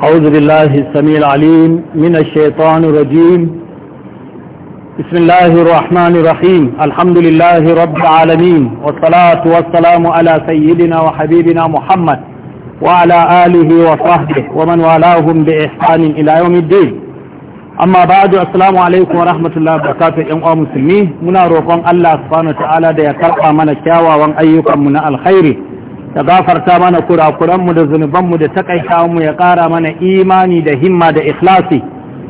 أعوذ بالله السميع العليم من الشيطان الرجيم بسم الله الرحمن الرحيم الحمد لله رب العالمين والصلاة والسلام على سيدنا وحبيبنا محمد وعلى آله وصحبه ومن والاهم بإحسان إلى يوم الدين أما بعد السلام عليكم ورحمة الله وبركاته barakatuh ɗan منا musulmi الله سبحانه وتعالى subhanahu wa ta'ala da ya karɓa mana kyawawan da gafarta mana kurakuranmu da zunubanmu da takaitawanmu ya ƙara mana imani da himma da ikhlasi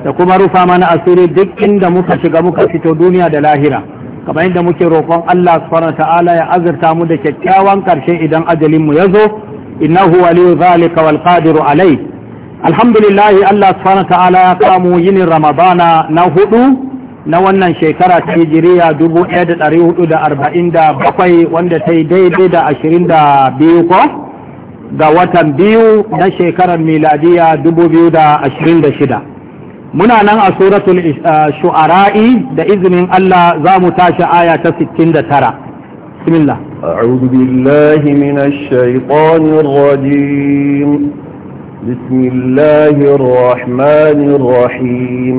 da kuma rufa mana asiri duk inda muka shiga muka fito duniya da lahira kamar inda muke roƙon Allah subhanahu ta'ala ya azurta mu da kyakkyawan karshe idan ajalin mu yazo innahu waliyu zalika wal qadiru alai alhamdulillah Allah subhanahu ta'ala ya kamu yinin ramadana na hudu na wannan shekara ta hijiriya bakwai wanda ta yi daidai da ashirin da biyu ko ga watan biyu na shekarar miladiya dubu biyu da da ashirin shida. muna nan a suratul shu'ara'i da izinin Allah za mu tashi aya ta sittin da tara. bismillah أعوذ بالله من الشيطان الرجيم بسم الله الرحمن الرحيم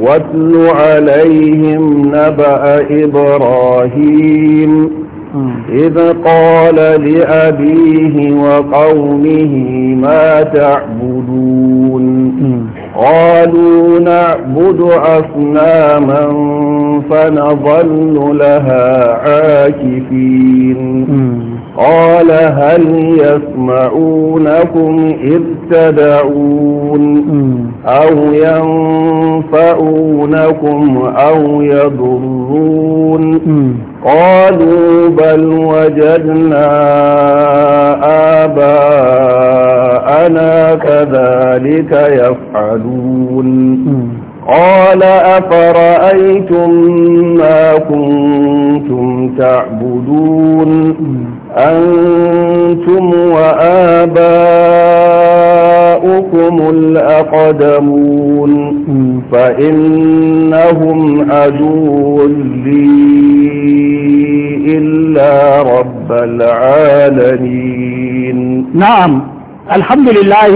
واتل عليهم نبأ إبراهيم إذ قال لأبيه وقومه ما تعبدون قالوا نعبد أصناما فنظل لها عاكفين قال هل يسمعونكم إذ تدعون أو ينفعونكم أو يضرون قالوا بل وجدنا آباءنا كذلك يفعلون قال أفرأيتم ما كنتم تعبدون أنتم وآباؤكم الأقدمون فإنهم عدو لي إلا رب العالمين نعم الحمد لله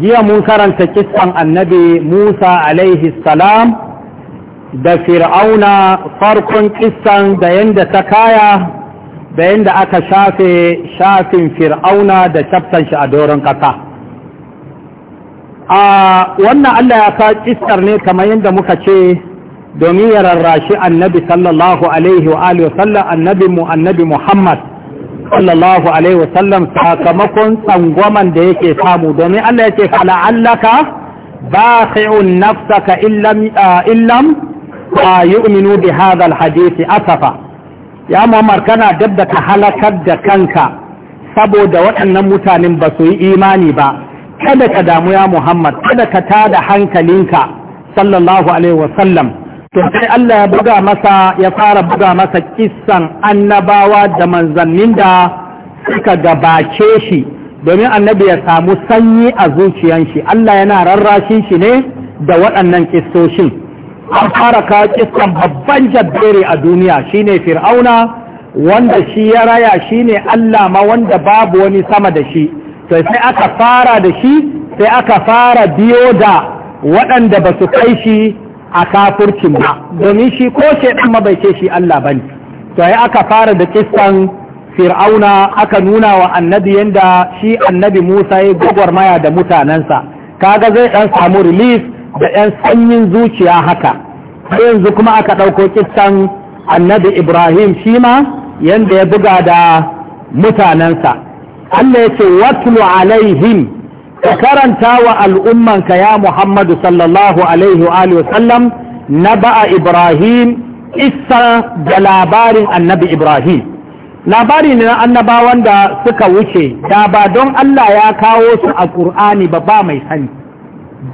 jiya mun karanta kisan annabi Musa alaihi da fir'auna farkon kisan da yanda ta kaya da yadda aka shafe shafin fir'auna da shaftan shi a doron ƙasa a wannan Allah ya ka kistar ne kamar yadda muka ce domin ya rarrashi annabi sallallahu alaihi wa sallam. annabi mu annabi Muhammad sallallahu alaihi sallam sakamakon tsangwaman da yake samu domin Allah ya ce fala'allaka bakhi'un nafsaka illam illam yu'minu bi hadha al-hadisi asafa ya muhammad kana dab da ka halakar da kanka saboda waɗannan mutanen ba su yi imani ba kada ka damu ya muhammad kada ka tada hankalinka sallallahu alaihi wasallam to sai Allah ya buga masa ya fara buga masa kissan annabawa da manzannin da suka gabace shi domin annabi ya samu sanyi a zuciyan shi Allah yana rarrashin shi ne da waɗannan kistoshin an fara ka kiskan babban jabbere a duniya shine fir'auna wanda shi ya raya shine Allah ma wanda babu wani sama da shi to sai aka fara da shi sai aka fara biyo da waɗanda ba su kai shi a kafurcin ba domin shi ko ce ma bai shi Allah bane to sai aka fara da kistan fir'auna aka nuna wa annabi yanda shi annabi Musa ya gwagwarmaya da mutanensa kaga zai ɗan samu release da ‘yan sanyin zuciya haka yanzu kuma aka ɗauko kistan annabi ibrahim shi ma yadda ya buga da mutanensa Allah ya ce watlu alaihim ka karanta wa al'ummanka ya muhammadu sallallahu alaihi wa sallam na ba'a ibrahim isa da labarin annabi ibrahim labari ne na annabawan da suka wuce da ba don Allah ya kawo su a ƙur'ani ba ba mai sani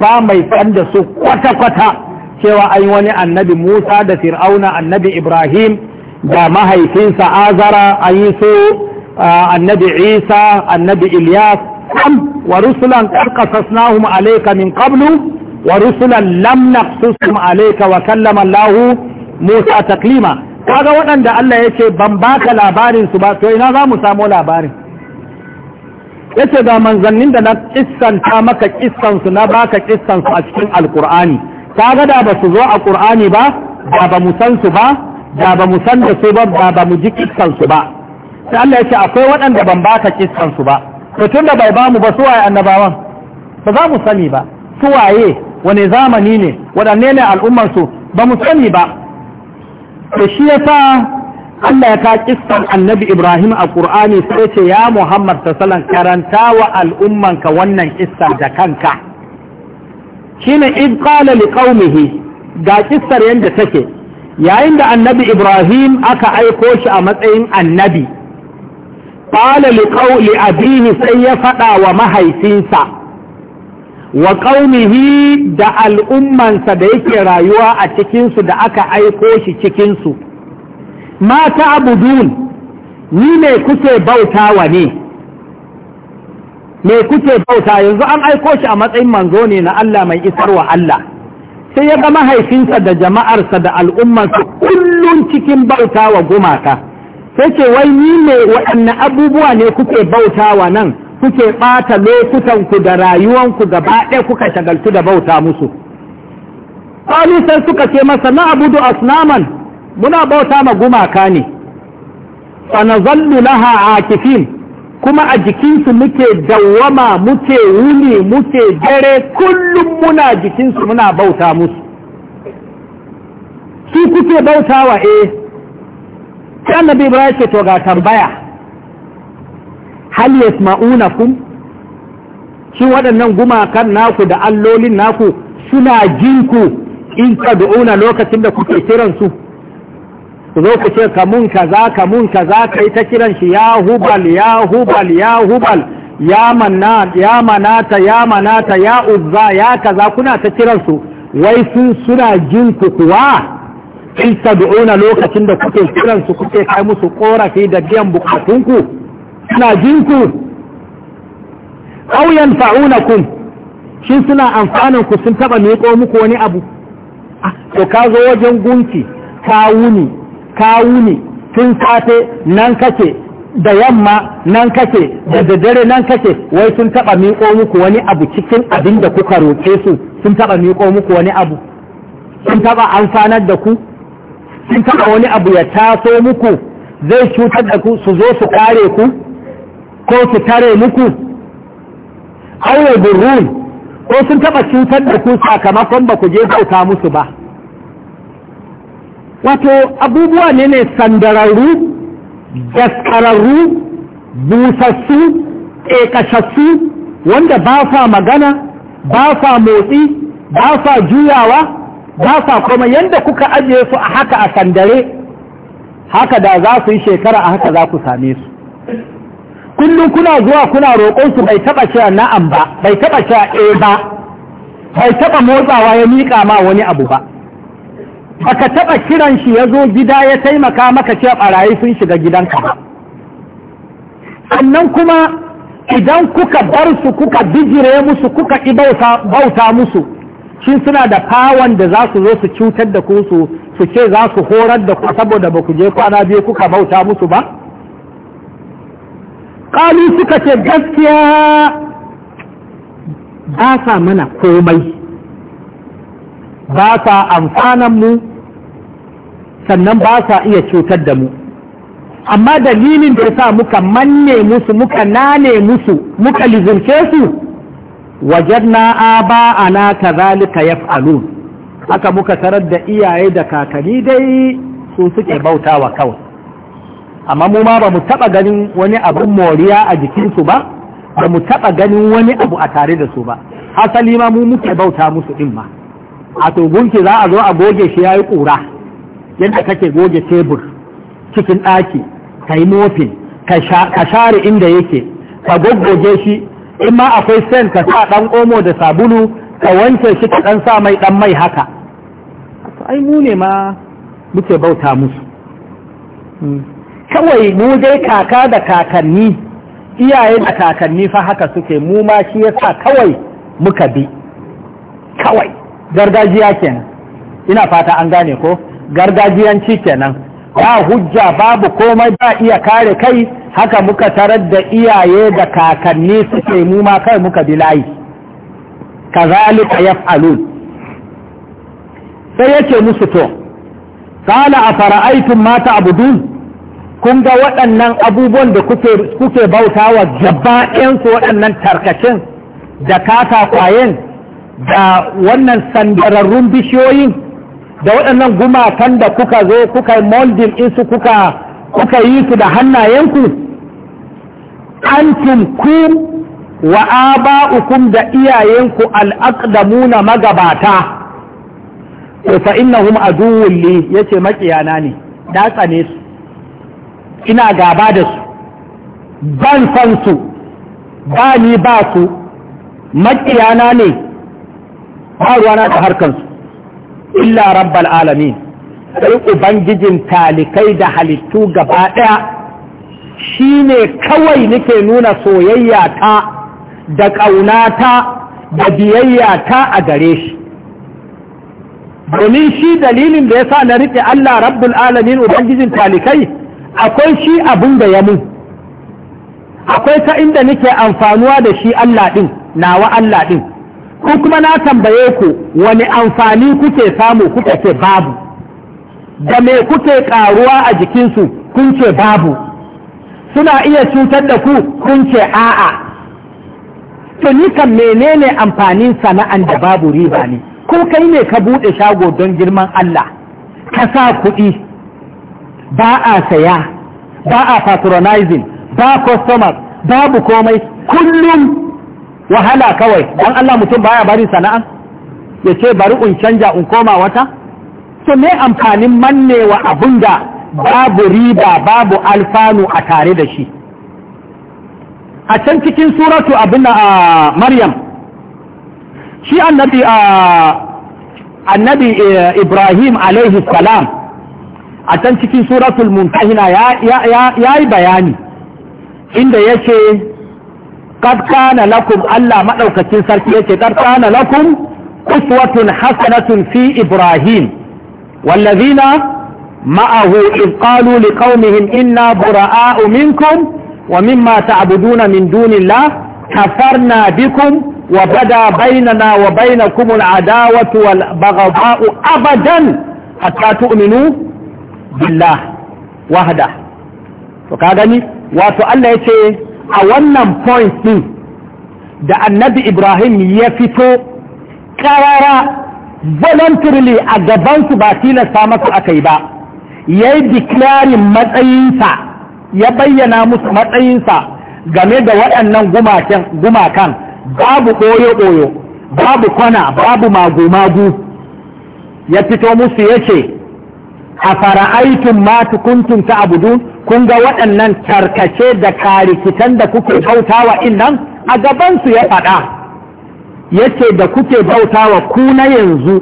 ba mai fan da su kwata-kwata cewa an wani annabi musa da fir'auna annabi ibrahim da mahaifinsa azara an yi su annabi isa annabi ilyas kam wa rusulan karkasasnahum alayka min qablu wa rusulan lam naqsusum alayka wa kallama allah musa taklima kaga waɗanda allah yace ban baka labarinsu ba to ina za mu samu labarin yace ga manzannin da na kissanta maka kissansu na baka kissansu a cikin alkur'ani ga da ba su zo a ƙur'ani ba da ba mu san su ba da ba mu san da su ba da ba mu ji kissansu ba sai Allah ya ce akwai waɗanda ban baka kissansu ba to tunda bai ba mu ba su waye annabawan ba za mu sani ba su waye wane zamani ne waɗanne ne al'ummarsu ba mu sani ba to shi yasa Allah ya ka kissan annabi Ibrahim a Ƙur'ani sai ce ya Muhammad sallan karanta wa al'ummanka wannan kissar da kanka. Shi ne in ƙala ga kissar yadda take, yayin da annabi Ibrahim aka aiko shi a matsayin annabi, ƙala liƙauli abihi sai ya faɗa wa mahaifinsa, wa ƙaumihi da al'ummansa da yake rayuwa a cikinsu da aka aiko shi cikinsu. ma ta'budun ni me kuke wa ne me kuke bauta yanzu an aiko shi a matsayin manzo ne na Allah mai isar wa Allah sai ya ga mahaifinsa da jama'arsa da al'ummarsa kullum cikin bauta wa gumaka sai ce wai ni ne waɗanne abubuwa ne kuke bauta wa nan kuke ɓata lokutanku da rayuwanku gaba ɗaya kuka shagaltu da bauta musu ƙwani sai suka ce masa na abudu asnaman muna bauta ma gumaka ne fanazallu laha akifin kuma a jikinsu muke dawwama muke wuni muke dare kullum muna jikinsu muna bauta musu su kuke bauta wa eh sai annabi ibrahim ce to ga tambaya hal yasma'unakum shi waɗannan gumakan naku da allolin naku suna jinku in tad'una lokacin da kuke kiransu lokacin zo ku ce ka mun kaza ka mun kaza kai ta kiran shi ya hubal ya hubal ya hubal ya manna ya manata ya manata ya uzza ya kaza kuna ta kiran su wai su suna jin ku kuwa in tad'una lokacin da kuke kiran su kuke kai musu korafi da biyan ku suna jin ku aw yanfa'unakum shin suna amfanan ku sun taba miƙo muku wani abu ah, to ka zo wajen gunki ka wuni kawu ne tun safe nan kake da yamma nan kake da daddare nan kake wai sun taba miƙo muku wani abu cikin abin da kuka roƙe su sun taba miƙo muku wani abu sun taba amfanar da ku sun taba wani abu ya taso muku zai cutar da ku su zo su kare ku ko su tare muku aure burun ko sun taba cutar da ku sakamakon ba ku je bauta musu ba wato abubuwa ne ne sandararru daskararru busassu ƙeƙashassu wanda ba sa magana ba sa motsi ba sa juyawa ba sa kuma yadda kuka ajiye su a haka a sandare haka da za su yi shekara a haka za ku same su kullum kuna zuwa kuna roƙon su bai taɓa cewa na'am ba bai taɓa cewa eh ba bai taɓa motsawa ya miƙa ma wani abu ba baka taɓa kiran shi ya zo gida ya taimaka maka ce barayi sun shiga gidanka ba sannan kuma idan kuka bar su kuka bijire musu kuka ki bauta musu shi suna da fawon da za su zo su cutar da ku su su ce za su horar da ku saboda ba ku je kwana biyu kuka bauta musu ba ƙali suka ce gaskiya ba sa mana komai ba sa amfanan mu sannan ba sa iya cutar da mu amma dalilin da sa muka manne musu muka nane musu muka lizirce su Wajen a na ta zalika ya yaf'alun haka muka tarar da iyaye da kakanni dai su suke bautawa kawai amma mu ma ba mu taba ganin wani abun moriya a jikinsu ba ba mu taba ganin wani abu a tare da su ba Asali ma mu muke bauta musu din ma a to za a zo a goge shi ya yi ƙura yadda kake goge tebur cikin ɗaki ka yi mofin ka share inda yake ka goggoge shi in ma akwai sen ka sa ɗan omo da sabulu ka wanke shi ka ɗan sa mai ɗan mai haka ai mu ne ma muke bauta musu hmm. kawai mu dai kaka da kakanni iyaye da kakanni fa haka suke mu ma shi yasa kawai muka bi kawai gargajiya kenan ina fata an gane ko gargajiyanci kenan ba hujja babu komai ba iya kare kai haka muka tarar da iyaye da kakanni suke mu ma kai muka bi layi kazalika yaf'alun sai yake musu to qala afara'aytum ma ta'budun kun ga waɗannan abubuwan da kuke bautawa gaba ɗayansu waɗannan tarkacin da kwayen? da wannan sandararrun bishiyoyin da waɗannan gumakan da kuka zo kuka yi moldin insu kuka kuka yi su da hannayenku antum ku wa aba'ukum da iyayenku al'aqdamuna magabata to fa innahum aduwwun li yace makiyana ne da tsane su ina gaba da su ban san su ba ni ba su makiyana ne ba ruwana da harkansu illa rabbal alamin sai ubangijin talikai da halittu gaba ɗaya shi ne kawai nake nuna soyayya ta da ƙaunata da biyayya ta a gare shi domin shi dalilin da ya sa na riƙe Allah rabbul alamin ubangijin talikai akwai shi abin da ya mun akwai ta inda nake amfanuwa da shi Allah ɗin nawa Allah ɗin Ku kuma na tambaye ku wani amfani kuke samu kuka ce babu da me kuke karuwa a jikinsu kun ce babu suna iya cutar da ku kun ce a'a to ni kan menene amfanin sana'an da babu riba ne ko kai ne ka buɗe shago don girman Allah ka sa kuɗi ba a saya ba a patronizing ba customers babu komai kullum wahala kawai don Allah mutum baya bari sana'a ya ce bari in canja in koma wata so me amfanin mannewa abun da babu riba babu alfanu a tare da shi a can cikin suratu abin a maryam shi annabi a annabi e, ibrahim alaihi salam a can cikin suratul muntahina ya yi bayani inda yake. qad kana lakum Allah maɗaukacin sarki yace qad kana lakum uswatun hasanatun fi ibrahim wallazina ma'ahu id qalu liqaumihim inna bura'a'u minkum wa mimma abuduna min dunillah kafarna bikum wa bada bainana wa bainakum al'adawatu wal baghdha'u abadan hatta tu'minu billah wahda to ka gani wato Allah yace a wannan point ɗin da annabi ibrahim ya fito karara voluntarily a gabansu ba tilasta masu aka yi ba ya yi declaring matsayinsa ya bayyana musu matsayinsa game da waɗannan gumakan babu ɓoyo-ɓoyo babu kwana babu magu-magu ya fito musu ya ce a fara'aitun matukuntun kuntum ta abudu kun ga waɗannan tarkace da karikitan da kuke bautawa innan a gabansu ya faɗa yace da kuke bautawa ku na yanzu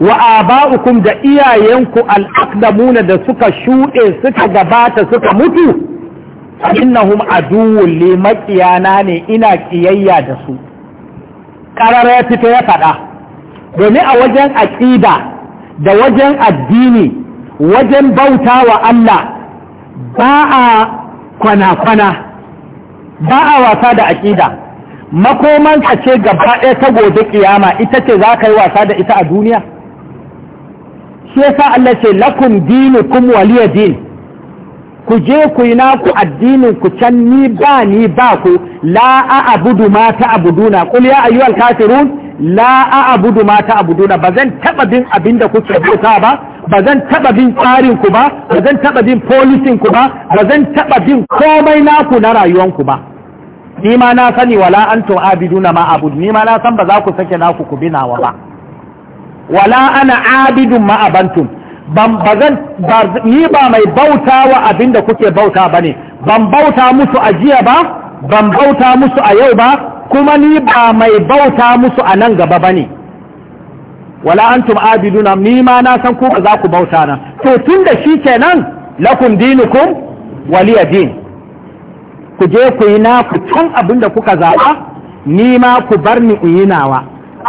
wa aba'ukum da iyayenku al'aqdamuna da suka shuɗe suka gabata suka mutu innahum aduwwun li maqiyana ne ina kiyayya da su ƙarara ya fito ya faɗa domin a wajen aƙida da wajen addini wajen bauta wa Allah ba a kwana-kwana ba a wasa da aƙida makomanka ce gaba ɗaya ta gobe ƙiyama, ita ce za ka yi wasa da ita a duniya shi yasa Allah ce lakum dinukum waliya din ku je ku yi naku addinin ku can ni ba ni ba ku la a abudu ma ta abuduna qul ya ayyuhal kafirun la a abudu ma ta abuduna ba zan taba bin abinda kuke bauta ba ba zan taɓa bin tsarinku ba ba zan taɓa bin polisinku ba ba zan taɓa bin komai naku na rayuwanku ba ni ma na sani wala antum abiduna ma abud ni ma na san ba za ku sake naku ku binawa ba wala ana abidun ma ban ba ni ba mai bauta wa abin kuke bauta ba ne ban bauta musu a jiya ba ban bauta musu a yau ba kuma ni ba mai bauta musu a nan gaba ba ne wala antum abiduna ni ma na san ku ba za ku bauta na to tun da shi kenan lakum dinukum waliya din ku je ku yi naku can abin da kuka zaɓa ni ma ku bar ni in yi nawa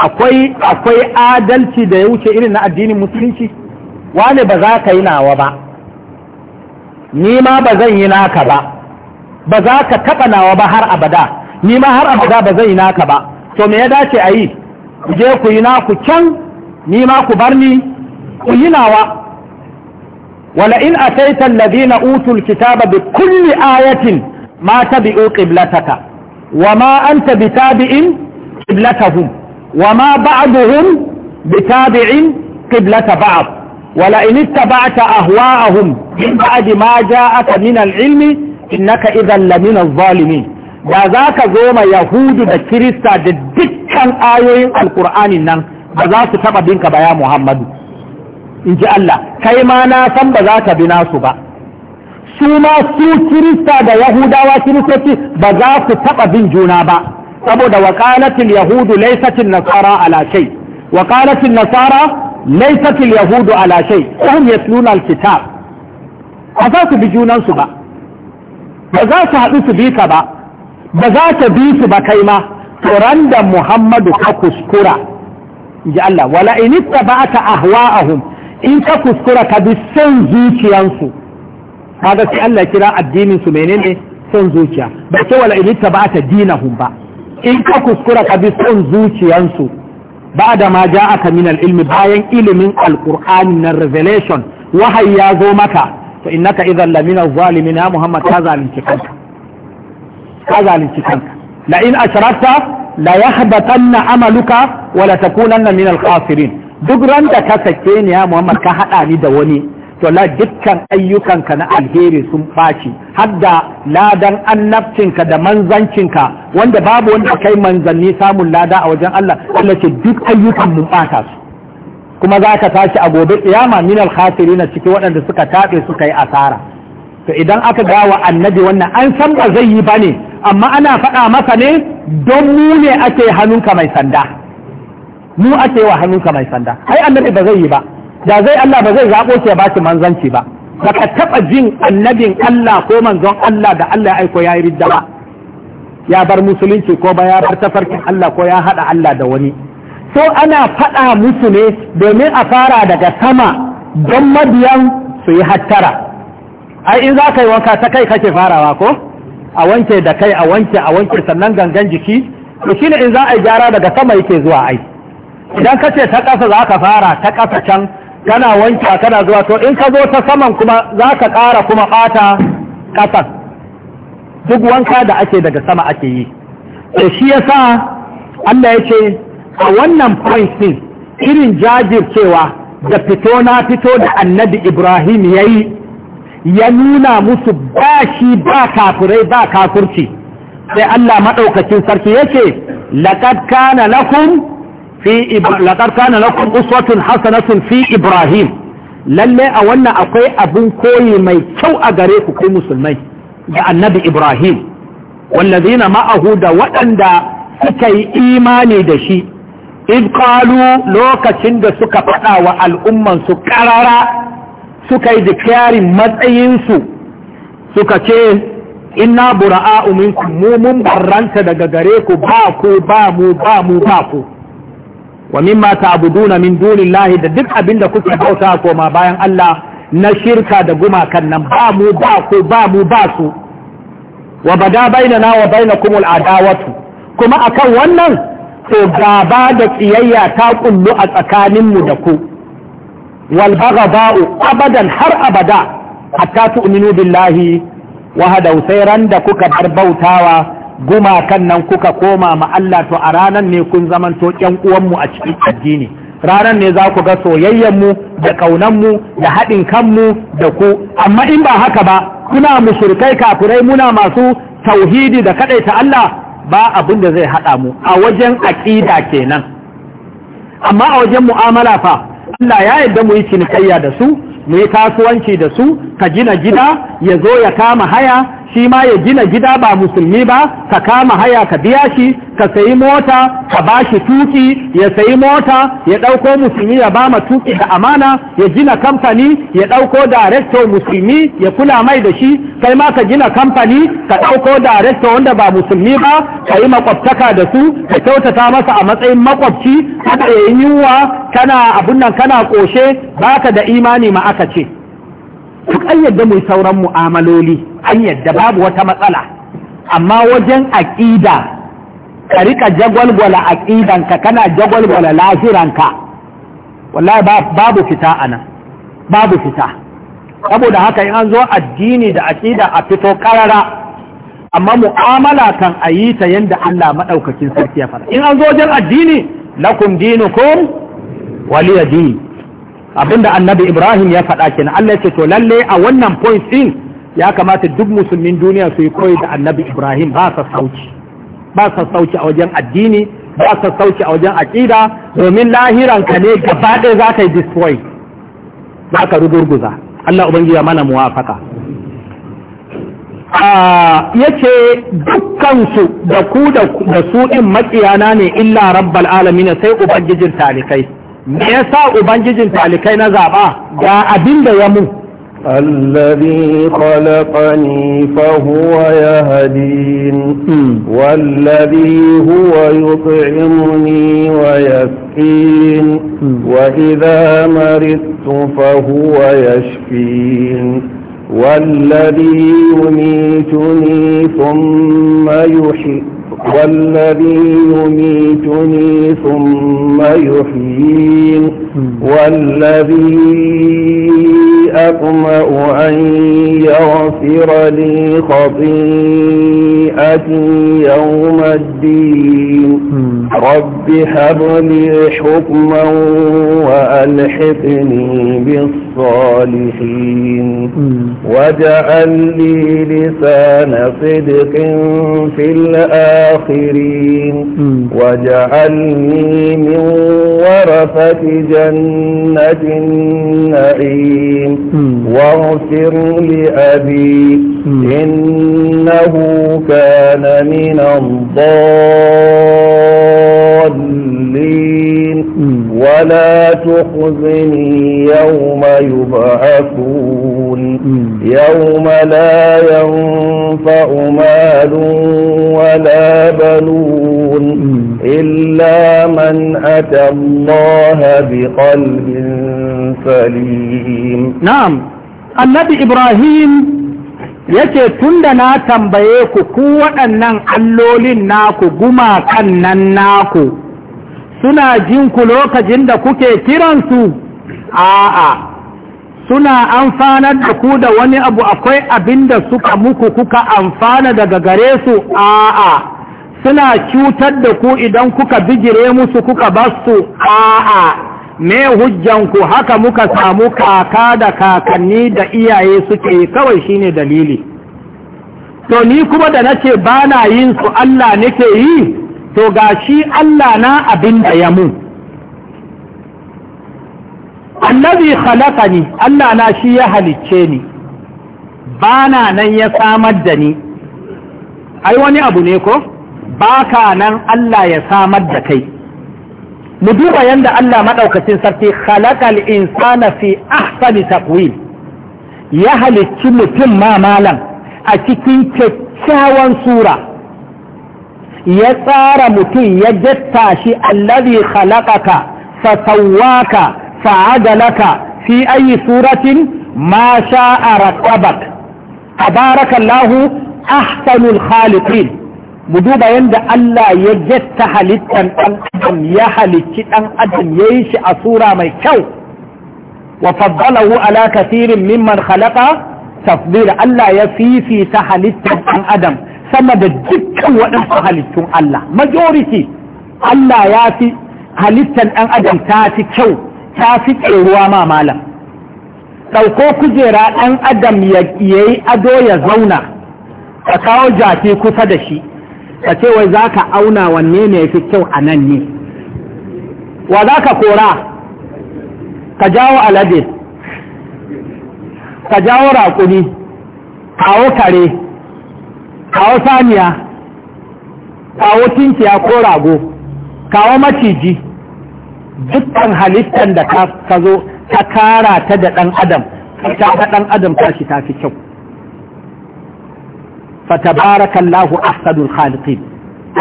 akwai akwai adalci da ya wuce irin na addinin musulunci wani ba za ka yi nawa ba ni ma ba zan yi naka ba ba za ka taɓa nawa ba har abada ni ma har abada ba zan yi naka ba to me ya dace a yi ku je ku yi naku can ni ma ku bar ni ku yi nawa wala in ataita alladhina utul kitaba bi kulli ayatin ma tabi'u qiblataka wama anta bitabi'in qiblatahum wama ba'duhum bitabi'in qiblata ba'd wala in ittaba'ta ahwa'ahum min ba'di ma ja'aka min al-ilmi innaka idhan lamina adh-dhalimin da zaka zo ma yahudu da kirista da dukkan ayoyin alqur'anin nan ba za su taɓa binka ba ya Muhammadu in ji Allah kai ma na san ba za ka bi nasu ba su ma su kirista da yahudawa kiristoci ba za su taɓa bin juna ba saboda wakalatin yahudu laisatin nasara ala shay wakalatin nasara laisatin yahudu ala shay wahum yasluna alkitab ba za su bi junansu ba ba za su haɗu su bi ka ba ba za ta bi su ba kai ma tsoron da muhammadu ka kuskura ji Allah wala in ittaba'ta ahwa'ahum in ka kuskura ka bi son zuciyansu kaga sai Allah kira addinin su menene son zuciya ba sai wala in ittaba'ta dinahum ba in ka kuskura ka bi son zuciyansu ba da ma ja'aka min al-ilmi bayan ilimin al alqur'ani na revelation wahayi ya zo maka to innaka idan lamina zalimin ya muhammad ka zalunci kanka ka zalunci kanka la in ashrafta la yahbatanna amaluka wala takunanna min al-khasirin duk ran da ka sake ni ya Muhammad ka hada ni da wani to la dukkan ayyukanka na alheri sun faci hadda ladan annabcinka da manzancinka wanda babu wanda kai manzanni samun lada a wajen Allah Allah ce duk ayyukan mun bata su kuma za ka tashi a gobe tsiyama min al-khasirin cikin waɗanda suka tabe suka yi asara to idan aka gawa annabi wannan an san ba zai yi bane amma ana faɗa masa ne don mu ne ake hannunka mai sanda mu ake wa hannunka mai sanda ai annabi ba zai yi ba da zai Allah ba zai zabo shi ya bashi manzanci ba baka taba jin annabin Allah ko manzon Allah da Allah ya aiko ya yi ridda ba ya bar musulunci ko ba ya bar tafarkin Allah ko ya hada Allah da wani so ana faɗa musu ne domin a fara daga sama don mabiyan su yi hattara ai in za ka yi wanka ta kai kake farawa ko a wanke da kai a wanke a wanke sannan gangan jiki to shine in za a yi gyara daga sama yake zuwa aiki. idan ka ce ta ƙasa za ka fara ta ƙasa can kana wanka kana zuwa to in ka zo ta saman kuma za ka ƙara kuma ɓata ƙasa duk wanka da ake daga sama ake yi da shi ya sa Allah ya ce a wannan point ɗin irin jajircewa da fito na fito da annabi Ibrahim ya yi ya nuna musu ba shi ba kafirai ba kafurci sai Allah maɗaukacin sarki ya ce laƙad na lakun fi laqad kana lakum hasanatun fi ibrahim lalle a wannan akwai abin koyi mai kyau a gare ku kai musulmai ga annabi ibrahim wallazina ma'ahu da waɗanda suka yi imani da shi in lokacin da suka faɗa wa al'umman su karara suka yi declaring matsayinsu suka ce inna bura'a'u minkum mu mun barranta daga gare ku ba ku ba mu ba mu ba ku wa mimma ta'buduna min dunillahi da duk abin da kuke bauta koma bayan Allah na shirka da gumakan nan ba mu ba ku ba mu ba su wa bada bainana wa bainakumul adawatu kuma akan wannan to gaba da tsiyayya ta kullu a tsakaninmu da ku wal baghda'u abadan har abada hatta tu'minu billahi wahada sai ran da kuka bar bautawa gumakan nan kuka koma ma Allah to a ranan ne kun zamanto ƴan uwanmu a cikin addini ranan ne za ku ga soyayyenmu da ƙaunanmu da haɗin kanmu da ku amma in ba haka ba kuna mushrikai kafirai muna masu tauhidi da ta Allah ba abin da zai haɗa mu a wajen aƙida kenan amma a wajen mu'amala fa Allah ya yarda mu yi cinikayya da su mu yi kasuwanci da su ka gina gida ya zo ya kama haya shi ma ya gina gida ba musulmi ba ka kama haya ka biya shi ka sayi mota ka ba shi tuki ya sayi mota ya ɗauko musulmi ya ba ma tuki da amana ya gina kamfani ya ɗauko darekto musulmi ya kula mai da shi kai ma ka gina kamfani ka ɗauko darekto wanda ba musulmi ba ka yi makwabtaka da su ka kyautata masa a matsayin makwabci kada ya yi yunwa kana abun nan kana ƙoshe baka da imani ma aka ce duk an yadda mai sauran mu'amaloli an yadda babu wata matsala amma wajen aƙida ka rika jagwalgwala aƙidanka kana jagwalgwala lahiranka wallahi babu fita nan, babu fita saboda haka in an zo addini da aƙida a fito ƙarara amma mu'amala kan a yi ta yadda Allah maɗaukakin sarki ya fara in an zo wajen addini lakum dinukum waliya dini abinda annabi ibrahim ya faɗa kenan Allah ya ce to lalle a wannan point din ya kamata duk musulmin duniya su yi koyi da annabi ibrahim ba sa sauci ba sa sauci a wajen addini ba sa sauci a wajen aƙida domin lahiran ka ne gaba ɗaya za ka yi destroy za ka rugurguza Allah ubangiji mana muwafaka ah, yace dukkansu da ku da su ɗin maƙiyana ne illa rabbal alamin sai ubangijin talikai me yasa ubangijin talikai na zaba ga abin da ya mu الذي خلقني فهو يهدين والذي هو يطعمني ويسقين وإذا مرضت فهو يشفين والذي يميتني ثم يحيين والذي يميتني ثم يحيين والذي أقمأ أن يغفر لي خطيئ أتي يوم الدين رب هب لي حكما وألحقني بالصالحين واجعل لي لسان صدق في الآخرين واجعلني من ورثة جنة النعيم واغفر لأبي إنه كان كان من الضالين ولا تخزني يوم يبعثون يوم لا ينفع مال ولا بنون إلا من أتى الله بقلب سليم نعم النبي إبراهيم yace tunda na tambaye ku ku waɗannan allolin naku gumakan nan naku suna jin ku lokacin da kuke kiransu a'a suna amfanar da ku da wani abu akwai abin da suka muku kuka amfana daga gare su a'a suna cutar da ku idan kuka bijire musu kuka basu a'a me hujjan ku haka muka samu kaka da kakanni da iyaye suke kawai shine dalili to ni kuma da nace ba na yin su Allah nake yi to ga shi Allah na abin da ya mun annabi khalaqani Allah na shi ya halicce ni ba na nan ya samar da ni ai wani abu ne ko baka nan Allah ya samar da kai mu duba yanda Allah maɗaukacin sarki khalaqal insana fi ahsani taqwim ya halicci mutum ma malam a cikin kyakkyawan sura ya tsara mutum ya jatta shi allazi khalaqaka fa sawwaka fa adalaka fi ayi suratin ma sha'a raqabak tabarakallahu ahsanul khaliqin mu duba yadda Allah ya getta halittan ɗan adam ya halicci ɗan adam ya yi shi a sura mai kyau wa faddalahu ala kasirin mimman khalaqa tafbir Allah ya fifita halittan ɗan adam sama da dukkan waɗansu halittun Allah majority Allah ya fi halittan ɗan adam ta fi kyau ta fi tseruwa ma malam ɗauko kujera ɗan adam ya yi ado ya zauna ka kawo jaki kusa da shi ka ce wai za ka auna wanne ne fi kyau a nan ne wa za ka kora ka jawo alade ka jawo rakuni kawo kare kawo saniya kawo tinkiya ko rago kawo maciji dukkan halittar da ka zo ta kara ta da ɗan adam ta ɗan adam ta shi ta fi kyau fatabarakallahu ahsanul khaliqin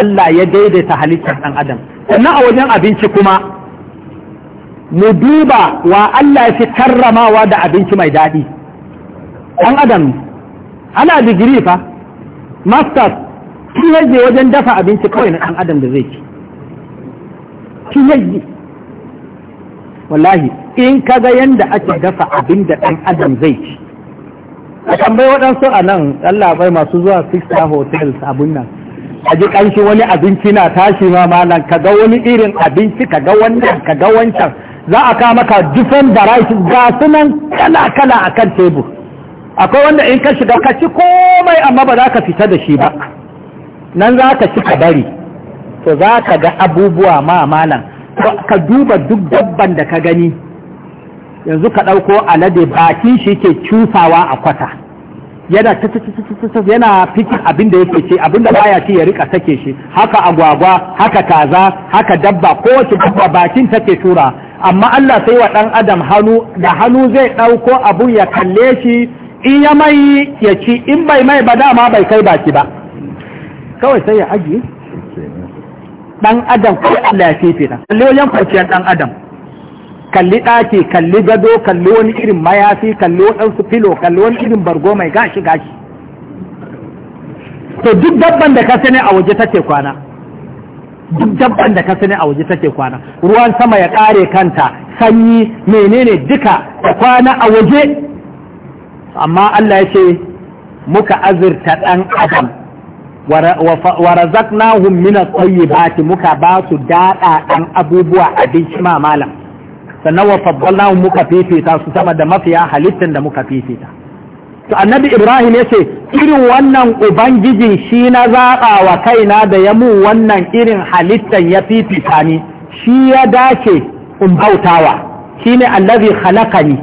Allah ya daidaita halittar ɗan adam sannan a wajen abinci kuma mu duba wa Allah ya fi karramawa da abinci mai daɗi ɗan adam ana digiri fa masters shi yaje wajen dafa abinci kawai na ɗan adam da zai ci shi yaje wallahi in kaga yanda ake dafa abin da ɗan adam zai ci a tambayi waɗansu a nan Allah bai masu zuwa six star hotels abun nan a ji ƙanshi wani abinci na tashi ma malam ka ga wani irin abinci ka ga wannan ka ga wancan za a kama ka different varieties ga sunan kala kala a kan tebur akwai wanda in ka shiga ka ci komai amma ba za ka fita da shi ba nan za ka ci ka bari to za ka ga abubuwa ma malam ka duba duk dabban da ka gani yanzu ka ɗauko alade bakin shi ke cusawa a kwata yana yana fikin abin da yake ce abin da baya ce ya rika take shi haka agwagwa haka kaza haka dabba wace dabba bakin take tura amma Allah sai wa ɗan adam hannu da hannu zai ɗauko abu ya kalle shi in ya mai ya ci in bai mai ba dama bai kai baki ba kawai sai ya ajiye ɗan adam ko Allah ya fifita kalle wajen kwanciyar ɗan adam kalli ɗaki kalli gado kalli wani irin mayafi kalli waɗansu filo kalli wani irin bargo mai gashi gashi to duk dabban da ka sani a waje take kwana duk dabban da ka sani a waje take kwana ruwan sama ya ƙare kanta sanyi menene duka ta kwana a waje amma Allah ya ce muka azurta ɗan adam wa razaqnahum min at-tayyibati muka ba su daɗa ɗan abubuwa abinci ma malam sannan wa faddalna muka fifita su sama da mafiya halittin da muka fifita to annabi ibrahim ya ce irin wannan ubangijin shi na zaɓa wa kaina da ya mu wannan irin halittan ya fifita ni shi ya dace in bautawa shi ne allazi halakani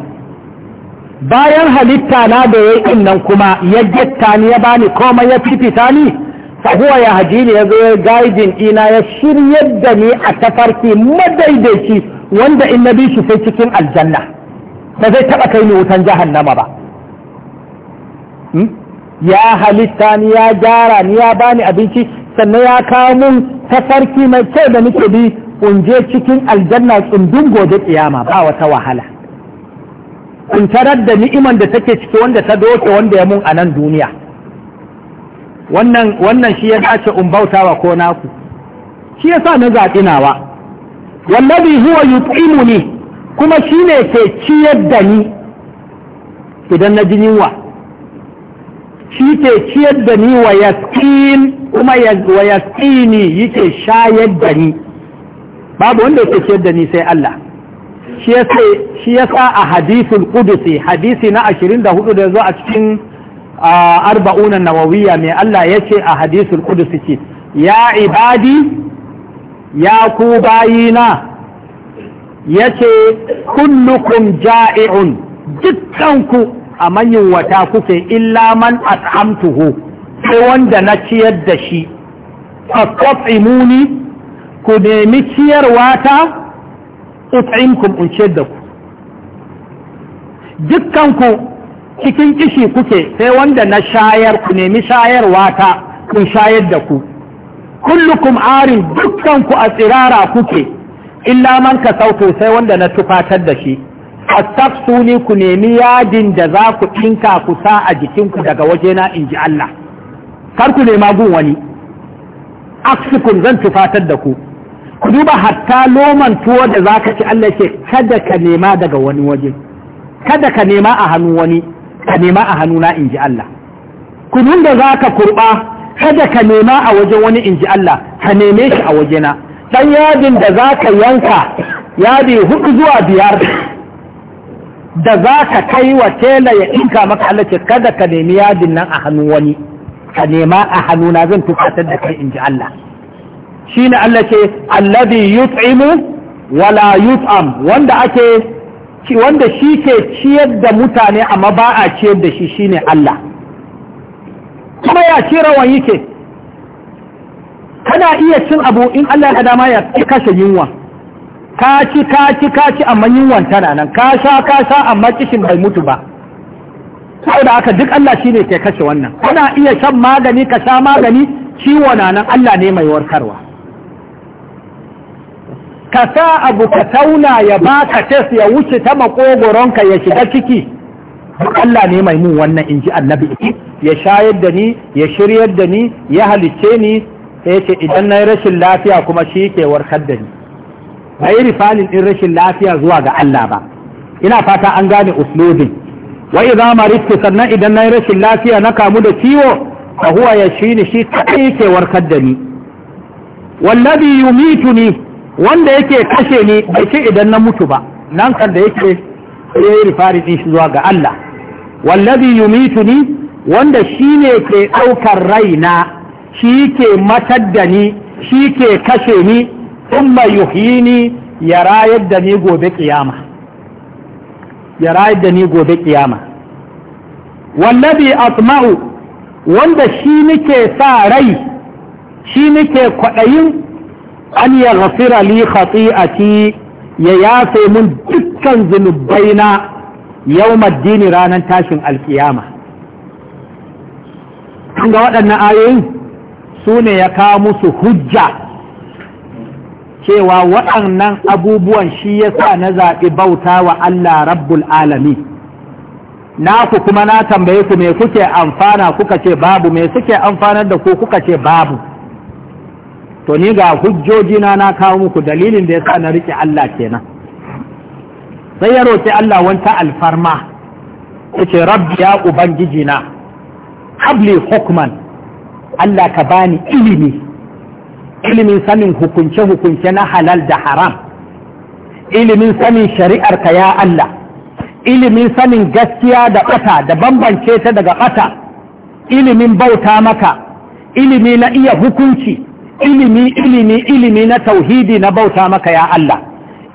bayan halitta na da ya yi nan kuma ya getta ni ya bani komai ya fifita ni fahuwa ya haji ne ya zo ya gaidin ina ya shiryar da ni a tafarki madaidaici wanda in na bi shi sai cikin aljanna ba zai taɓa kai ni wutan jahannama ba hmm? ya halitta ni ya gyara ni ya bani abinci sannan ya kawo mun tafarki mai kyau da nake bi in je cikin aljanna tsundun gobe kiyama ba wata wahala in tarar da ni'iman da take ciki wanda ta doke wanda ya mun a nan duniya wannan shi ya dace in bautawa ko naku shi yasa na zaɓi nawa wallazi huwa yut'imuni kuma shine ke ciyar da ni idan na ji shi ke ciyar da ni wa yasqin kuma wa yasqini yake shayar da ni babu wanda yake ciyar da ni sai Allah shi yasa a hadisul qudusi hadisi na 24 da zo a cikin arba'una nawawiya mai Allah yace a hadisul qudusi ce ya ibadi ya ku bayina ya ce kullukum ja'i'un dukkanku a manyan wata kuke illa man at'amtuhu sai wanda na ciyar da shi muni, ku nemi ciyarwa ta ut'imkum in ciyar da ku dukkanku cikin kishi kuke sai wanda na shayar ku nemi shayarwa ta kun shayar da ku kullukum arin dukkan a tsirara kuke illa man ka sautu sai wanda na tufatar da shi astafsuni ku nemi yadin da za ku tinka ku sa a jikinku daga waje na, in ji Allah kar ku nema gun wani aksikun zan tufatar da ku ku duba hatta loman tuwo da za ka ci Allah ce kada ka nema daga wani waje kada ka nema a hannu wani ka nema a hannu na in ji Allah kunun da za ka kurɓa kada ka nema a wajen wani inji Allah ka neme shi a wajena Dan yadin da za ka yanka yadi hudu zuwa biyar da za ka kai wa tela ya inka maka Allah ce kada ka nemi yadin nan a hannun wani ka nema a hannuna zan tukatar da kai in Allah shi ne Allah ce allazi yut'imu wala yut'am wanda ake wanda shi ke ciyar da mutane amma ba a ciyar da shi shine Allah kuma ya ce rawan yake kana iya cin abu in Allah ya dama ya kashe yunwa ka ci ka ci ka ci amma yunwan tana nan ka sha ka sha amma kishin bai mutu ba saboda haka duk Allah shine ke kashe wannan kana iya shan magani ka sha magani ciwo na nan Allah ne mai warkarwa ka sa abu ka tauna ya baka tes ya wuce ta makogoronka ya shiga ciki Allah ne mai mun wannan inji annabi ya shayar da ni ya shiryar da ni ya halicce ni sai ce idan na yi rashin lafiya kuma shi ke warkar da ni ba yi rifalin ɗin rashin lafiya zuwa ga Allah ba ina fata an gane uslubin wai za ma riski sannan idan na yi rashin lafiya na kamu da ciwo a huwa ya shi ni shi kaɗai ke warkar da ni wallabi yumitu ni wanda yake kashe ni bai ce idan na mutu ba nan kan da yake sai ya yi rifarin ɗin shi zuwa ga Allah wallabi yumitu ni wanda shi ne ke ɗaukar raina shi ke matar da ni shi ke kashe ni in yuhyini ya rayar da ni gobe kiyama ya rayar da ni gobe kiyama wallabi asma'u wanda shi nike sa rai shi nike kwaɗayin an ya ghafira li khati'ati ya yafe mun dukkan zunubaina yau maddini ranar tashin alkiyama an ga waɗannan ayoyin su ne ya kawo musu hujja cewa waɗannan abubuwan shi ya sa na zaɓi bauta wa Allah rabbul alami ku kuma na tambaye ku me kuke amfana kuka ce babu me suke amfanar da ku kuka ce babu to ni ga hujjoji na na kawo muku dalilin da ya sa na riƙe Allah kenan sai ya roƙi Allah wanta alfarma ya ce rabbi ya ubangijina habli hukman Allah ka bani ilimi ilimin sanin hukunce-hukunce na halal da haram ilimin sanin shari'ar ka ya Allah ilimin sanin gaskiya da ɓata da bambance ta daga ɓata ilimin bauta maka ilimi na iya hukunci ilimi ilimi ilimi na tauhidi na bauta maka ya Allah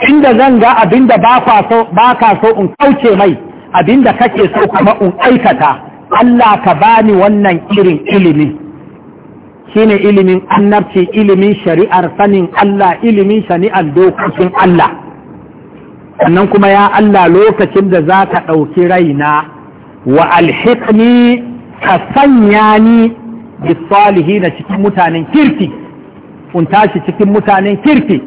inda zan ga abinda ba ka so in kauce mai abinda kake so kuma in aikata Allah ka bani wannan irin ilimin shine ilimin annabci ilimin shari'ar sanin Allah ilimin shari'ar dokokin Allah sannan kuma ya Allah lokacin da za ka ɗauki raina wa alhikmi ka sanya ni bisalihi na cikin mutanen kirki un tashi cikin mutanen kirki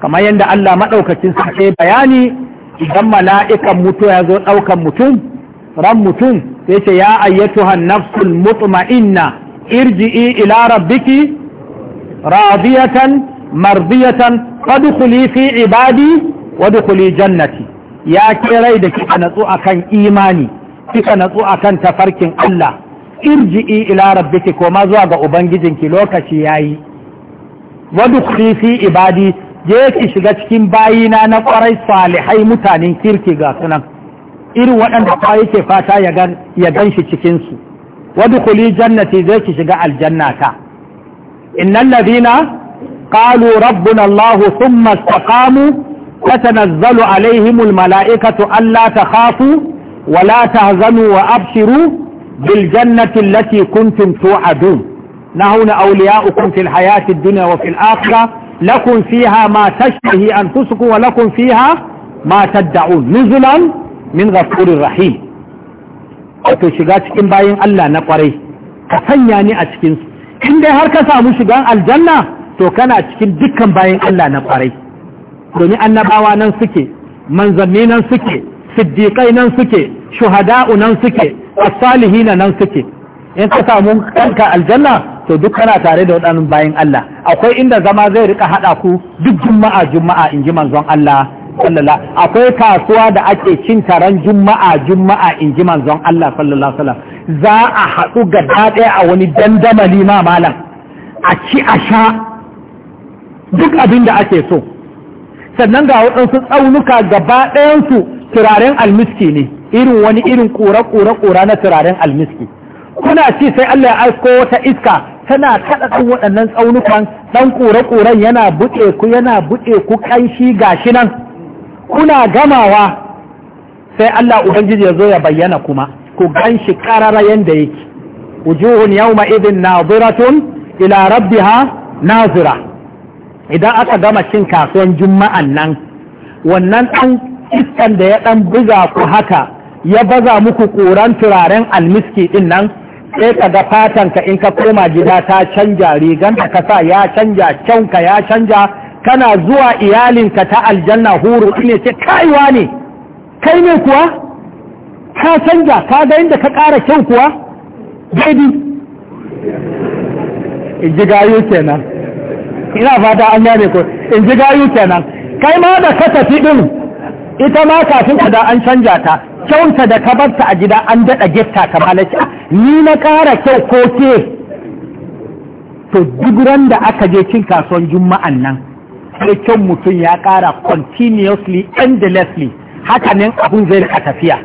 kamar yadda Allah maɗaukacin sa bayani idan mala'ikan mutu ya zo ɗaukan mutum ran mutum sai ce ya ayyatuha nafsul mutma'inna irji'i ila rabbiki radiyatan mardiyatan fadkhuli fi ibadi wadkhuli jannati ya kirai da kika natsu akan imani kika natsu akan tafarkin Allah irji'i ila rabbiki koma zuwa ga ubangijinki lokaci yayi wadkhuli fi ibadi je ki shiga cikin bayina na kwarai salihai mutanen kirki ga sunan irin waɗanda ba yake fata ya gan shi cikinsu wadda kuli jannati zai ki shiga aljannata innan ladina kalu rabbun allahu sun mastakamu ta tanazzalu alaihim mala'ikatu an la ta khafu wala la ta zanu wa abshiru bil jannati lati kuntum tu'adun nahuna awliya'ukum fil hayati dunya wa fil akhirah lakum fiha ma tashtahi anfusukum wa lakum fiha ma tad'un nuzulan min ghafurir rahim wato shiga cikin bayan Allah na kwarai ka sanya ni a cikin su in dai har ka samu shiga aljanna to kana cikin dukkan bayan Allah na kwarai domin annabawa nan suke manzanni nan suke siddiqai nan suke shuhada'u nan suke as-salihina nan suke in ka samu kanka aljanna to duk kana tare da waɗannan bayan Allah akwai inda zama zai rika haɗa ku duk juma'a juma'a in ji manzon Allah sallala akwai kasuwa da ake cin taron juma'a juma'a in ji manzon Allah sallallahu alaihi za a haɗu ga ɗaya a wani dandamali ma malam a ci a sha duk abin da ake so sannan ga waɗansu tsaunuka gaba ɗayansu turaren almiski ne irin wani irin ƙura-ƙura-ƙura na turaren almiski kuna ci sai Allah ya aiko wata iska tana kada ɗan waɗannan tsaunukan ɗan kura ƙuren yana buɗe ku yana buɗe ku ƙanshi gashi nan kuna gamawa sai Allah ubangiji ya zo ya bayyana kuma ku gan shi karara yanda yake wujuhun yawma idin naziratun ila rabbiha nazira idan aka gama cin kasuwan juma'an nan wannan dan iskan da ya dan buga ku haka ya baza muku koran turaren almiski din nan sai ka ga fatanka in ka koma gida ta canja rigan da ka sa ya canja kyanka ya canja kana zuwa iyalinka ta aljanna huru ne ce kaiwa ne kai ne kuwa ka canja ka ga inda ka ƙara kyau kuwa daidai in ji gayu kenan ina fata an gane ko in ji gayu kenan kai ma da ka tafi din ita ma kafin ka da an canja ta kyauta da ka barta a gida an daɗa gifta ka malaci ah, ni na ƙara kyau ko ke to duk da aka je cin kasuwan juma'an nan kyan mutum ya ƙara continuously endlessly haka nan abun zai rika tafiya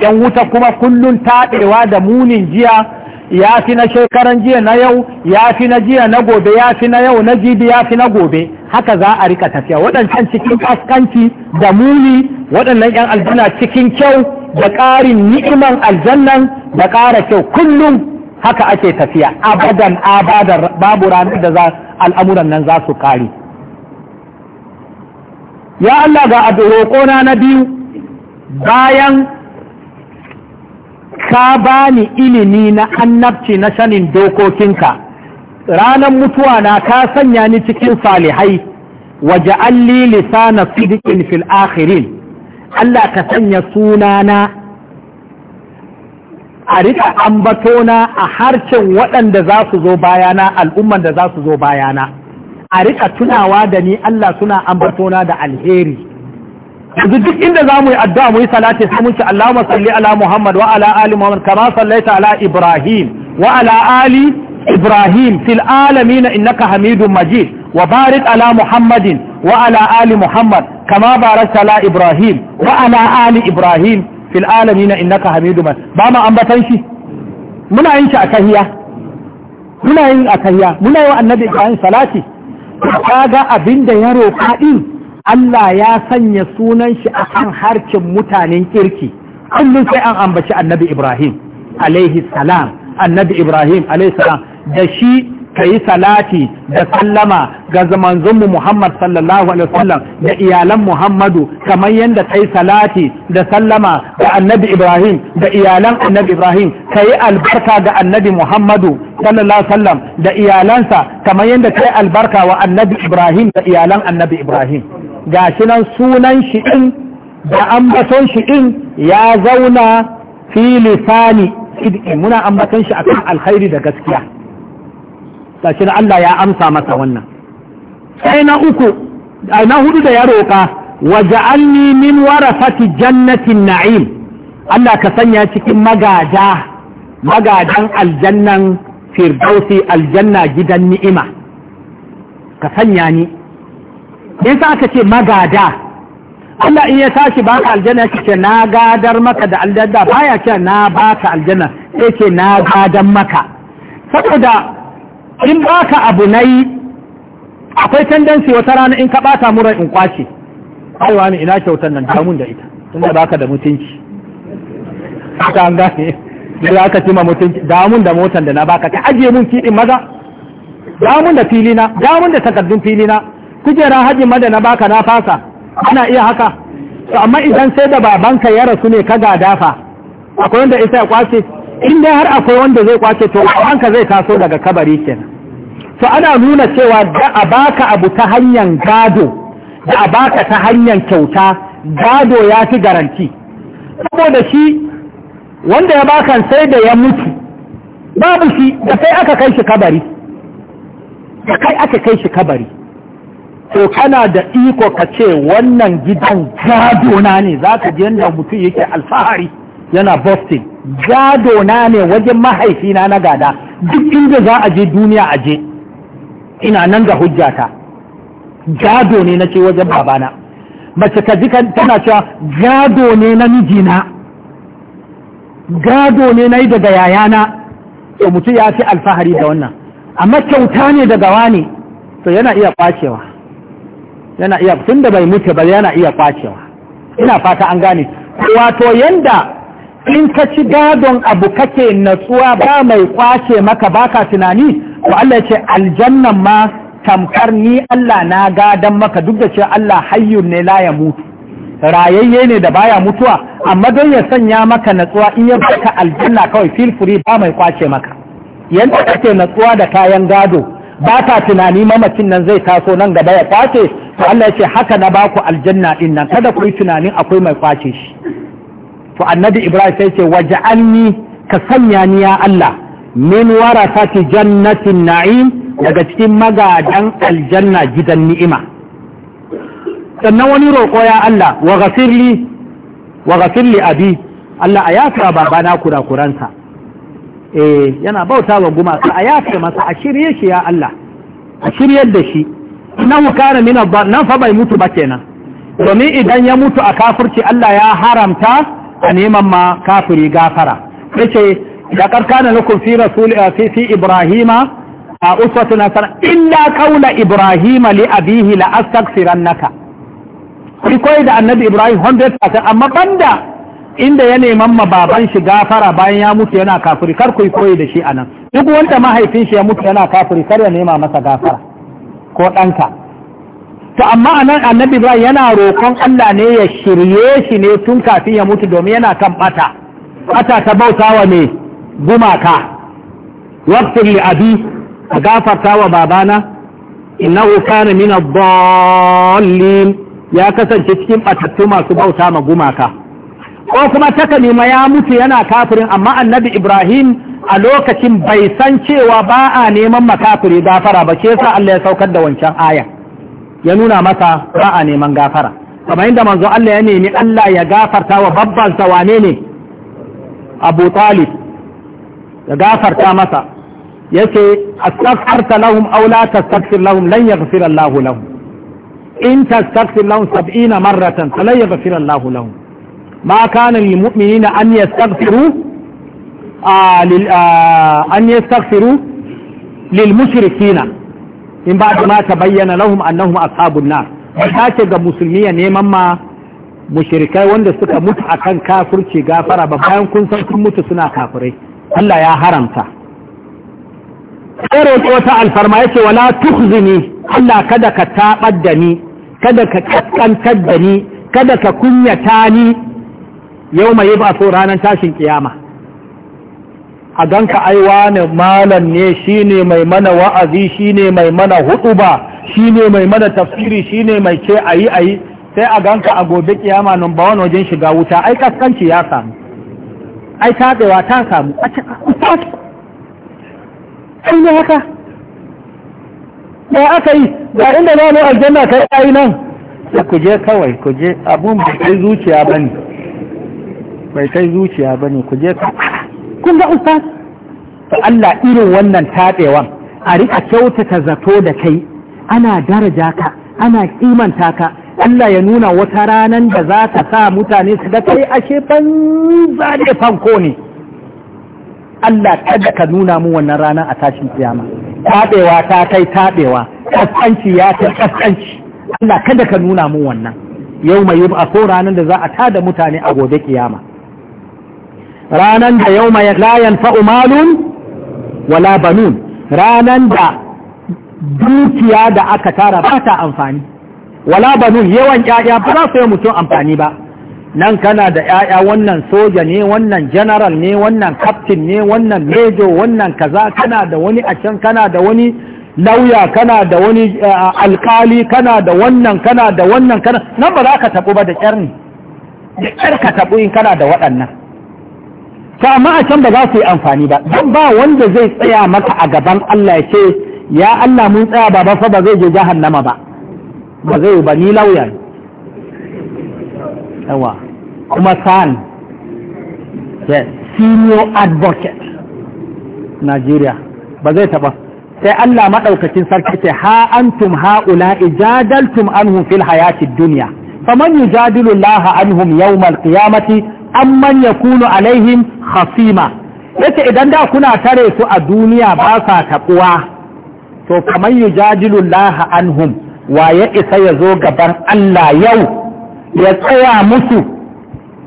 yan wuta kuma kullum taɗewa da munin jiya ya fi na shekaran jiya na yau ya fi na jiya na gobe ya fi na yau na jibi ya fi na gobe haka za a rika tafiya waɗancan cikin askanci da muni waɗannan 'yan aljanna cikin kyau da ƙarin ni'iman aljannan da ƙara kyau kullum haka ake tafiya abadan abadan babu ranar da al'amuran nan za su ƙari ya Allah ga abu roƙona na biyu bayan ka bani ilimi na annabci na sanin dokokinka ranar mutuwa na ka sanya ni cikin salihai waje alli lisana sidikin fil akhirin Allah ka sanya sunana a rika ambatona a harshen waɗanda za su zo bayana al'umman da za su zo bayana a rika tunawa da ni Allah suna ambatona da alheri yanzu duk inda za mu yi addu'a mu yi salati sai mun ce salli ala Muhammad wa ala ali Muhammad kama sallaita ala Ibrahim wa ala ali Ibrahim fil alamin innaka Hamidum Majid wa barik ala Muhammadin wa ala ali Muhammad kama barakta ala Ibrahim wa ala ali Ibrahim fil alamin innaka Hamidum Majid ba ma ambatan shi muna yin shi a tahiya muna yin a tahiya muna yi wa annabi Ibrahim salati kaga abin da ya roƙa ɗin Allah ya sanya sunan shi a kan harcin mutanen kirki kullum sai an ambaci annabi Ibrahim alaihi salam annabi Ibrahim alaihi salam da shi ka yi salati da sallama ga zamanzonmu Muhammad sallallahu Alaihi wasallam da iyalan Muhammadu kamar yadda ka yi salati da sallama ga annabi Ibrahim da iyalan annabi Ibrahim ka yi albarka ga annabi Muhammadu sallallahu Alaihi wasallam da iyalansa kamar yadda ka yi albarka wa annabi Ibrahim da iyalan annabi Ibrahim ga shi nan sunan shi in da ambaton shi in ya zauna fi lisani muna ambaton shi akan alkhairi da gaskiya gashi da Allah ya amsa masa wannan sai na uku na hudu da ya roƙa wa ja'alni min warasati jannatin na'im Allah ka sanya cikin magada magadan aljannan firdausi aljanna gidan ni'ima ka sanya ni in sa aka ce magada Allah in ya tashi baka aljanna ya ce na gadar maka da aljanna baya ce na baka aljanna sai ce na gadan maka saboda in ba ka abu na yi akwai tendensi wata rana in ka bata mura in kwashe. aiwa ne ina kyautar nan damun da ita ba baka da mutunci ta gane da aka cima mutunci damun da motar da na baka ka ajiye mun kiɗin maza damun da filina damun da takardun filina kujera hajjin mada na baka na fasa ana iya haka to amma idan sai da babanka ya rasu ne ka gada dafa akwai wanda isa ya kwashe. in dai har akwai wanda zai kwace to hanka zai taso daga kabari kenan to ana nuna cewa da a baka abu ta hanyar gado da a baka ta hanyar kyauta gado ya fi garanti saboda shi wanda ya bakan sai da ya mutu babu shi da kai aka kai shi kabari da kai aka kai shi kabari to kana da iko ka ce wannan gidan gado na ne za ka ji yadda mutum yake alfahari yana boston gado na ne wajen mahaifina na gada duk inda za a je duniya a je ina nan ga hujjata gado ne na ce wajen babana mace ka ji tana cewa gado ne na mijina gado ne na yi daga yayana to mutum ya fi alfahari da wannan amma kyauta ne daga wani to yana iya kwacewa yana iya tun da bai mutu ba yana iya kwacewa ina fata an gane wato yanda in ka ci gadon abu kake natsuwa ba mai kwace maka baka tunani ko Allah ce aljannan ma tamkar ni Allah na gadan maka duk da ce Allah hayyun ne la ya mutu rayayye ne da baya mutuwa amma don ya sanya maka natsuwa in ya baka aljanna kawai feel free ba mai kwace maka yanda kake natsuwa da kayan gado ba ta tunani mamacin nan zai taso nan gaba ya kwace to Allah ya ce haka na baku aljanna din kada ku yi tunanin akwai mai kwace shi to annabi ibrahim sai ce waje waj'alni ka sanya ni ya Allah min wara warasati jannatin na'im daga cikin magadan aljanna gidan ni'ima sannan wani roƙo ya Allah wa ghafirli wa ghafirli abi Allah a yafa babana kurakuransa eh yana bauta wa gumaka a yafa masa a shirye shi ya Allah a shiryar da shi innahu kana min nan fa bai mutu ba kenan domin idan ya mutu a kafirci Allah ya haramta a neman ma kafiri gafara yace da karkana lakum fi rasul eh, fi ibrahima a na hasana illa kaula ibrahima li abihi la astaghfirannaka ki koyi da annabi ibrahim 100% amma banda inda ya neman ma baban shi gafara bayan ya mutu yana kafiri kar ku koyi da shi anan duk wanda mahaifin shi ya mutu yana kafiri kar ya nema masa gafara ko ɗanka to amma annabi ba yana roƙon Allah ne ya shirye shi ne tun kafin ya mutu domin yana kan bata bata ta bautawa ne gumaka waqtin li abi gafarta wa babana innahu kana min ad-dallin ya kasance cikin batattu masu bauta ma gumaka ko kuma taka nima ya mutu yana kafirin amma annabi Ibrahim a lokacin bai san cewa ba a neman makafiri gafara ba ke sa Allah ya saukar da wancan ayan ya nuna masa ba a neman gafara kuma inda manzo Allah ya nemi Allah ya gafarta wa babban sa wane ne Abu Talib ya gafarta masa yace astaghfarta lahum aw la tastaghfir lahum lan yaghfir Allah lahum in tastaghfir lahum 70 marratan falan yaghfir Allah lahum ma kana lil mu'minina an yastaghfiru an yastaghfiru lil mushrikina in ba ma ta bayyana lahum annahum ashabun nar ta ce ga musulmi ya neman ma mushrikai wanda suka mutu akan kafirci gafara ba bayan kun san sun mutu suna kafirai Allah ya haramta sai wata alfarma yace wala tukhzini Allah kada ka tabar da ni kada ka kaskantar da ni kada ka kunyata ni yau mai ba so ranar tashin kiyama a ganka aiwa ne malam ne shine mai mana wa'azi shine mai mana huduba shine mai mana tafsiri shine mai ce ayi ayi sai a ganka a gobe kiyama nan ba wani wajen shiga wuta ai kaskanci ya samu ai tatsewa ta samu a ah, ai ne haka ba aka yi ga inda na mu aljanna kai ai nan sai ku je kawai ku je abun bai kai zuciya bane bai kai zuciya bane ku je kawai kun ga ustaz to Allah irin wannan taɗewa a rika kyautata zato da kai ana daraja ka ana kimanta ka Allah ya nuna wata ranar da za ta sa mutane su ga kai ashe banza ne fanko ne Allah kada ka nuna mu wannan rana a tashin kiyama taɓewa ta kai taɓewa kaskanci ya kai kaskanci Allah kada ka nuna mu wannan yau mai yi a ranar da za a tada mutane a gobe kiyama ranan da yau mai layan fa'umalun wala banun ranan da dukiya da aka tara ba ta amfani wala banun yawan ƴaƴa ba za su yi mutum amfani ba nan kana da ƴaƴa wannan soja ne wannan general ne wannan captain ne wannan major wannan kaza kana da wani a can kana da wani lauya kana da wani eh, alkali kana da wannan kana da wannan kana nan ba za ka tabu ba da ƙyar ne da ƙyar ka tabu in kana da waɗannan ta amma a can ba za su yi amfani ba don ba wanda zai tsaya maka a gaban Allah ya ce ya Allah mun tsaya ba fa ba zai je jahannama ba ba zai ba ni lauya yawa kuma san senior advocate nigeria ba zai taba sai Allah madaukakin sarki ce ha antum haula ijadaltum anhum fil hayatid dunya faman yujadilu Allah anhum yawmal qiyamati An manya kunu alaihim khasima yace idan da kuna tare su a duniya ba sa taɓuwa to kamar yi jajilullaha anhum wa ya isa ya zo gaban Allah yau ya tsaya musu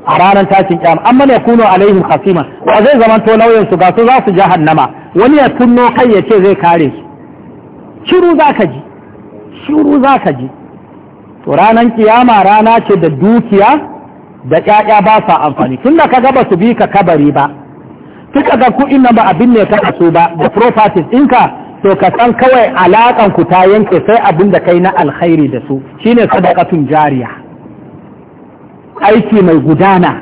a ranar tashin kyam An ya kuno alaihim khasima wa zai zamanto lauyansu ga su za su jahannama wani ya tunno kai ya ce zai kare su shiru za ka ji shiru za ka ji to ranar kiyama rana ce da dukiya da ƴaƴa ba sa amfani tun da ka ba su bi ka kabari ba tun ga kuɗin nan ba abin ne ka so ba da properties ɗinka to ka san kawai alaƙan ku ta yanke sai abin da kai na alkhairi da su shine sadaqatun jariya aiki mai gudana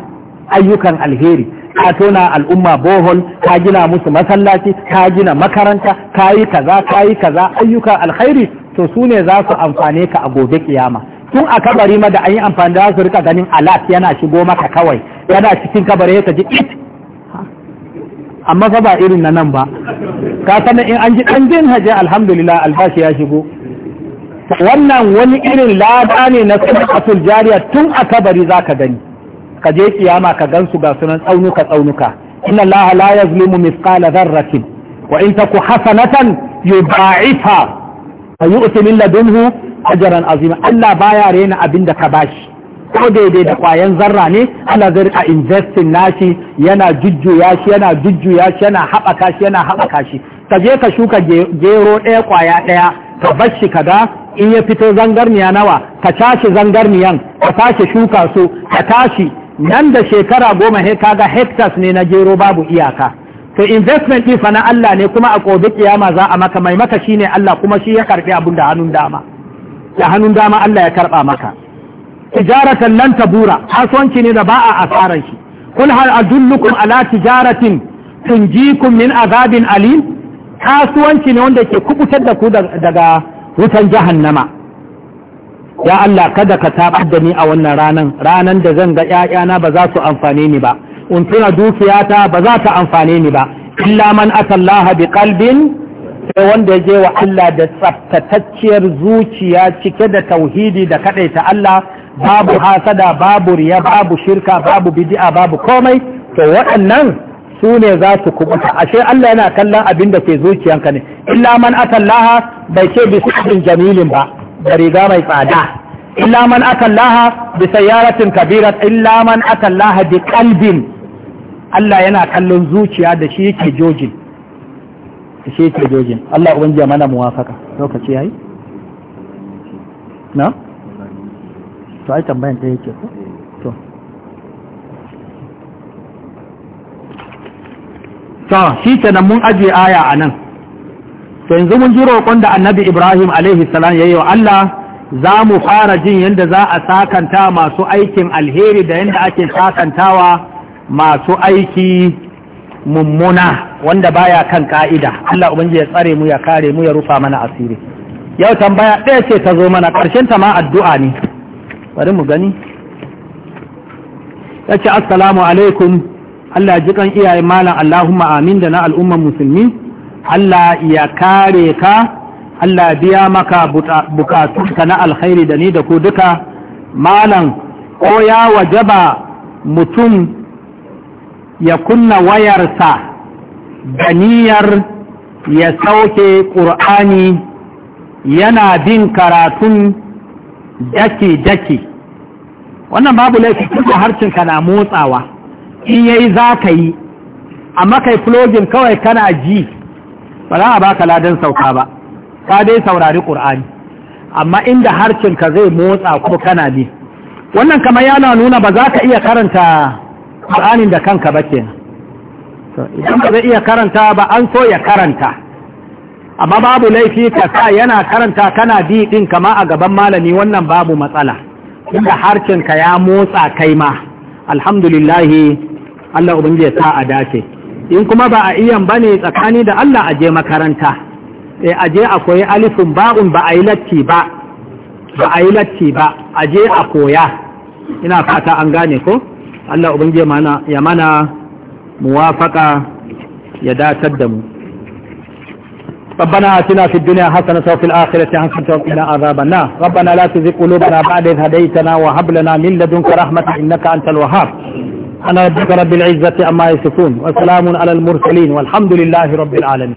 ayyukan alheri ka tona al'umma bohol ka gina musu masallaci ka gina makaranta ka yi kaza ka yi kaza ayyukan alkhairi to su ne za su amfane ka a gobe kiyama tun a kabari ma da an yi amfani da su rika ganin alat yana shigo maka kawai yana cikin kabari ka ji it amma fa ba irin na nan ba ka sanar in an ji ɗan jin haje, alhamdulillah albashi ya shigo wannan wani irin lada ne na sadaqatul jariya tun a kabari zaka gani ka je kiyama ka gansu ga sunan tsaunuka tsaunuka inna allaha la yazlimu mithqala dharratin wa in taku hasanatan yudha'ifha fa yu'ti min ladunhu ajaran azima Allah baya rena abin da ka bashi ko daidai da kwayan zarra ne Allah zai rika investing nashi yana jujjuya shi yana jujjuya shi yana haɓaka shi yana haɓaka shi ka je ka shuka gero ɗaya kwaya ɗaya ka bar shi kaga in ya fito zangarniya nawa ka tashi zangarniyan ka tashi shuka su ka tashi nan da shekara goma he kaga hectares ne na gero babu iyaka to investment ɗin fa na Allah ne kuma a kobi kiyama za a maka mai maka shine Allah kuma shi ya karɓi abun da hannun dama da hannun dama Allah ya karɓa maka tijaratan lan tabura kasuwanci ne da ba a asaran shi kul hal adullukum ala tijaratin tunjikum min azabin alim kasuwanci ne wanda ke kubutar da ku daga wutan jahannama ya Allah kada ka tabar da ni a wannan ranan ranan da zan ga ƴaƴana ba za su amfane ni ba untuna dukiyata ba za ta amfane ni ba illa man atallaha biqalbin sai wanda ya je wa Allah da tsaftatacciyar zuciya cike da tauhidi da ta Allah babu hasada babu riya babu shirka babu bidi'a babu komai to waɗannan su ne za su kubuta ashe Allah yana kallon abin da ke zuciyanka ne illa man atallaha bai ce bi sabbin jamilin ba da riga mai tsada illa man atallaha bi sayyaratin kabirat illa man atallaha bi qalbin Allah yana kallon zuciya da shi yake jojin shi ke jojin Allah ubangiji mana muwafaka lokaci yayi na to ai tambayan ta yake ko to ta shi nan mun ajiye aya a nan to yanzu mun ji roƙon da annabi ibrahim alaihi salam yayi wa allah za mu fara jin yadda za a sakanta masu aikin alheri da yadda ake sakantawa masu aiki mummuna wanda baya kan ka'ida Allah ya tsare mu ya kare mu ya rufa mana asiri yau tambaya ɗaya ce ta zo mana ƙarshen ta ma addu'a ne bari mu gani yace assalamu alaikum Allah ji kan iyaye malam Allahumma amin da na al'umman musulmi Allah ya kare ka Allah biya maka bukatunka na alkhairi da ni da ku duka malam ko ya wajaba mutum ya kunna wayarsa da niyyar ya sauke ƙur'ani yana bin karatun daki-daki wannan babu laifi kuma harcinka na motsawa in yayi za ka yi amma kai flogin kawai kana ji ba za a baka ladan sauka ba ka dai saurari ƙur'ani amma inda harcinka zai motsa ko kana bi wannan kama yana nuna ba za ka iya karanta ƙur'anin da kanka ba ke idan ba zai iya karanta ba an so ya karanta amma babu laifi ka sa yana karanta kana bi ɗin kama a gaban malami wannan babu matsala inda harcinka ya motsa kai ma alhamdulillahi Allah ubangiji ya sa a dace in kuma ba a iyan bane tsakani da Allah aje makaranta eh aje akwai alifin ba'un ba a yi latti ba ba a yi latti ba aje a koya ina fata an gane ko Allah ubangiji mana ya mana muwafaka ya datar da mu ربنا آتنا في الدنيا حسنة وفي الآخرة حسنة وقنا عذاب النار ربنا لا تزغ قلوبنا بعد إذ هديتنا وهب لنا من لدنك رحمة إنك أنت الوهاب أنا ربك رب العزة أما يصفون وسلام على المرسلين والحمد لله رب العالمين